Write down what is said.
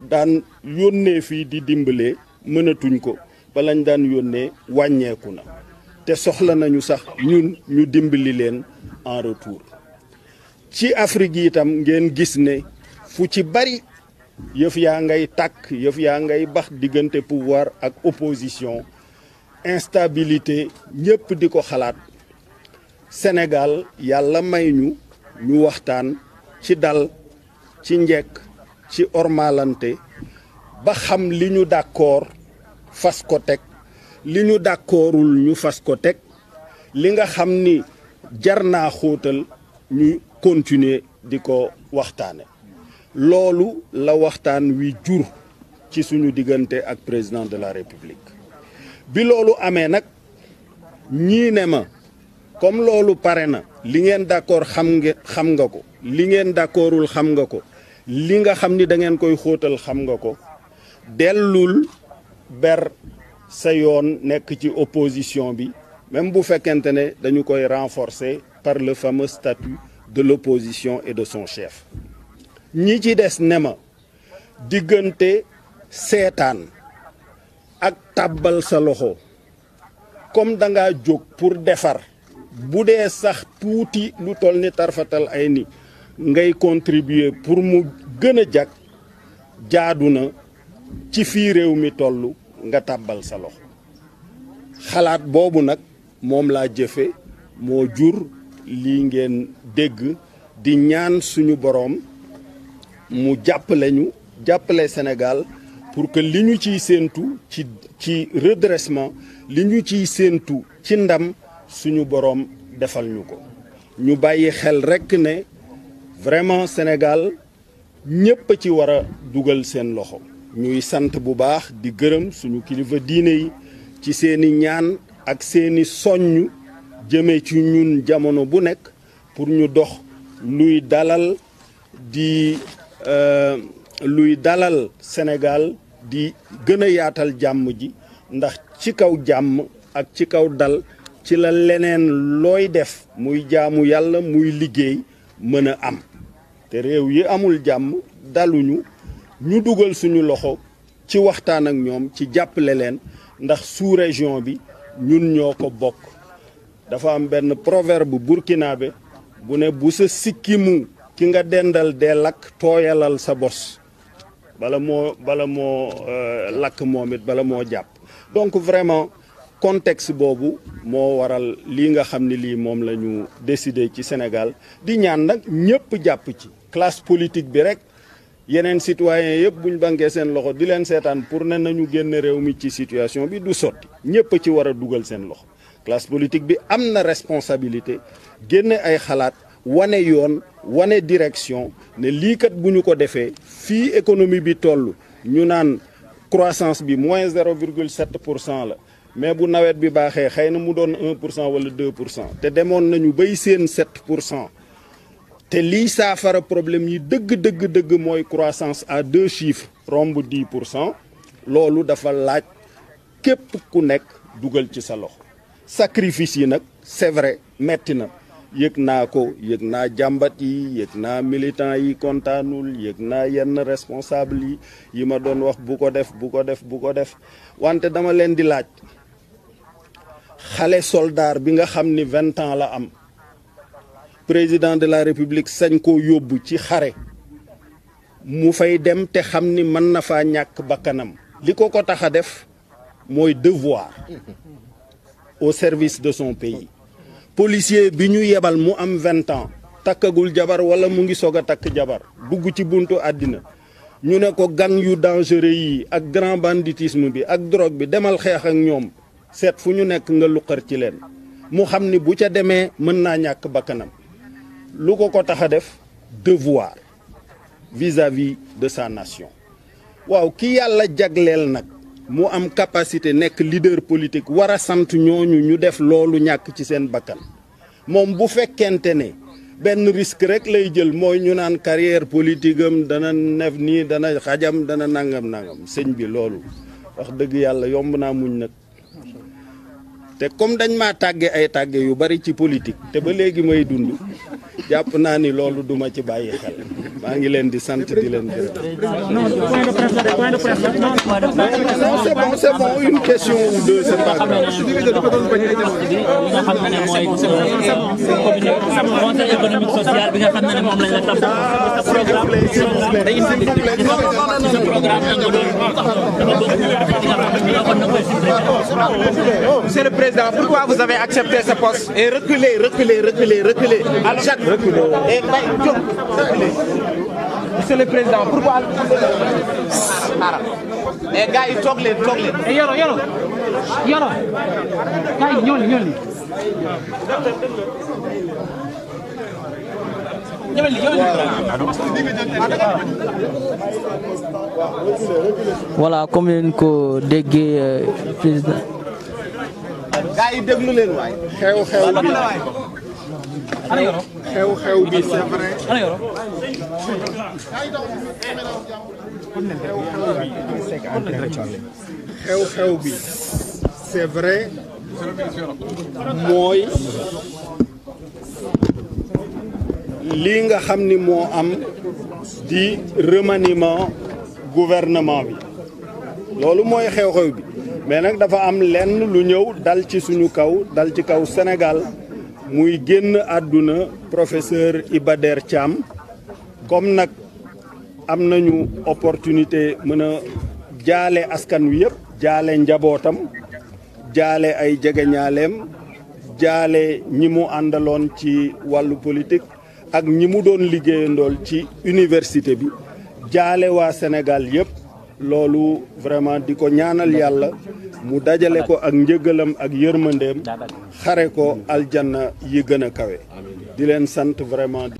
daan yónnee fii di dimbalee mënatuñ ko ba lañ daan yónnee wàññeeku na te soxla nañu sax ñun ñu dimbali leen en retour ci yi itam ngeen gis ne fu ci bari yëf yaa ngay tàkk yëf yaa ngay bax diggante pouvoir ak opposition instabilité ñépp di ko xalaat senegal yàlla may ñu ñu waxtaan ci dal ci njekk ci ormalante ba xam li ñu d'accord fas ko teg li ñu d'accordul ñu fas ko teg li nga xam ni jar naa xóotal ñu continuer di ko waxtaane loolu la waxtaan wi jur ci suñu diggante ak président de la république bi loolu amee nag ñii ne ma comme loolu pare na li ngeen d'accord xam nga ko li ngeen d'accordul xam nga ko li nga xam ni da ngeen koy xóotal xam nga ko dellul ber sa yoon nekk ci opposition bi même bu fekkente ne dañu koy renforcer par le fameux statut de l'opposition et de son chef ñi ci des ne ma diggante seetaan ak tàbbal sa loxo comme danga jóg pour defar bu dee sax tuuti lu toll ni tarfatal ay ni ngay contribuer pour mu gën a jag jaadu na ci fii réew mi tollu nga tàbbal sa loxo xalaat boobu nag moom laa jëfe moo jur lii ngeen dégg di ñaan suñu boroom mu jàppale ñu jàppale Sénégal pour que li ñu ciy séentu ci redressement li ñu ciy séentu ci ndam suñu boroom defal ñu ko ñu bàyyi xel rekk ne vraiment Sénégal ñépp a ci war a dugal seen loxo ñuy sant bu baax di gërëm suñu kilifa diine yi ci seeni ñaan ak seeni soññ jëmee ci ñun jamono bu nekk pour ñu dox luy dalal di euh, luy dalal senegal di gën a yaatal jàmm ji ndax ci kaw jàmm ak ci kaw dal ci la leneen looy def muy jaamu yàlla muy liggéey mën a am te réew yi amul jàmm daluñu ñu dugal suñu loxo ci waxtaan ak ñoom ci jàppale leen ndax sous région bi ñun ñoo ko bokk dafa am benn proverbe burkinabé bu ne bu sa sikkimu ki nga dendal dee lakk tooyalal sa bos bala moo bala moo euh, lakk moom it bala moo jàpp donc vraiment contexte boobu moo waral lii nga xam ne lii moom lañu ñu ci senegal di ñaan nag ñëpp jàpp ci classe politique bi rek yeneen citoyen yëpp bu ñu bankee seen loxo di leen seetaan pour ne nañu génn réew mi ci situation bi du sotti ñëpp a ci war a dugal seen loxo classe politique bi am na responsabilité génne ay xalaat wane yoon wane direction ne lii kat bu ñu ko defee fii économie bi toll ñu naan croissance bi moins zéro virgule sept pour cent la mais bu nawet bi baaxee xëy na mu doon un pour cent wala deux pour cent te demoon nañu bay seen sept pour cent te lii saafara problème yi dëgg dëgg dëgg mooy croissance à deux chiffres romb 10 pour cent loolu dafa laaj képp ku nekk dugal ci sa loxo sacrifice yi nag c'est vrai metti na yëg naa ko yëg naa jàmbat yi yëg naa militant yi kontaanul yëg naa yenn responsable yi yi ma doon wax bu ko def bu ko def bu ko def wante dama leen di laaj xale soldaar bi nga xam ni vingt ans la am président de la république sañ koo yóbbu ci xare mu fay dem te xam ni mën na faa ñàkk bakkanam li ko ko tax a def mooy devoir au service de son pays policier bi ñu yebal mu am vingt ans takkagul jabar wala mu ngi soog a takk jabar dugg ci buntu àddina ñu ne ko gan yu dangereux yi ak grand banditisme bi ak drogue bi demal xeex ak ñoom seet fu ñu nekk nga luqar ci leen mu xam ni bu ca demee mën naa ñàkk bakkanam lu ko ko tax a def devoir vis-à-vis de sa nation waaw kii yàlla jagleel nag mu am capacité nekk leader politique war a sant ñooñu ñu def loolu ñàkk ci seen bakkan moom bu fekkente ne benn risque rek lay jël mooy ñu naan carrière politique am dana nef nii dana xajam dana nangam nangam sëñ bi loolu wax dëgg yàlla yomb naa muñ nag te comme dañ maa tàgge ay tàgge yu bari ci politique te ba léegi may dund jàpp naa ni loolu duma ci bàyyi xel maa ngi leen di sant di leen gërëm. c'est bon c'est bon une question ou deux c'est pas grave. conseil économique social bi nga xam ne moom lañ la tabb. programme Monsieur le Président, pourquoi vous reculer. Eh, Mbaye jóg reculer. monsieur le président pourquoi. xaaral mais eh, gars yi toog leen toog leen. Eh, yoro yoro yoro gars yi ñool ñool voilà ko déggee euh, président. gars yi déglu xew-xew bi c'est xew-xew bi vrai mooy lii nga xam ni moo am di remaniement gouvernement bi loolu mooy xew-xew bi mais nag dafa am lenn lu ñëw dal ci suñu kaw dal ci kaw Sénégal muy génn àdduna professeur Iba Der Thiam comme nag am nañu opportunité mën a jaale askan wi yëpp jaale njabootam jaale ay jegeñaaleem jaale ñi mu àndaloon ci wàllu politique ak ñi mu doon liggéeyandool ci université bi jaale waa Sénégal yëpp loolu vraiment di ko ñaanal yàlla mu dajale ko ak njëgalam ak yërmandeem xare ko aljanna yi gën a kawe di leen sant vraiment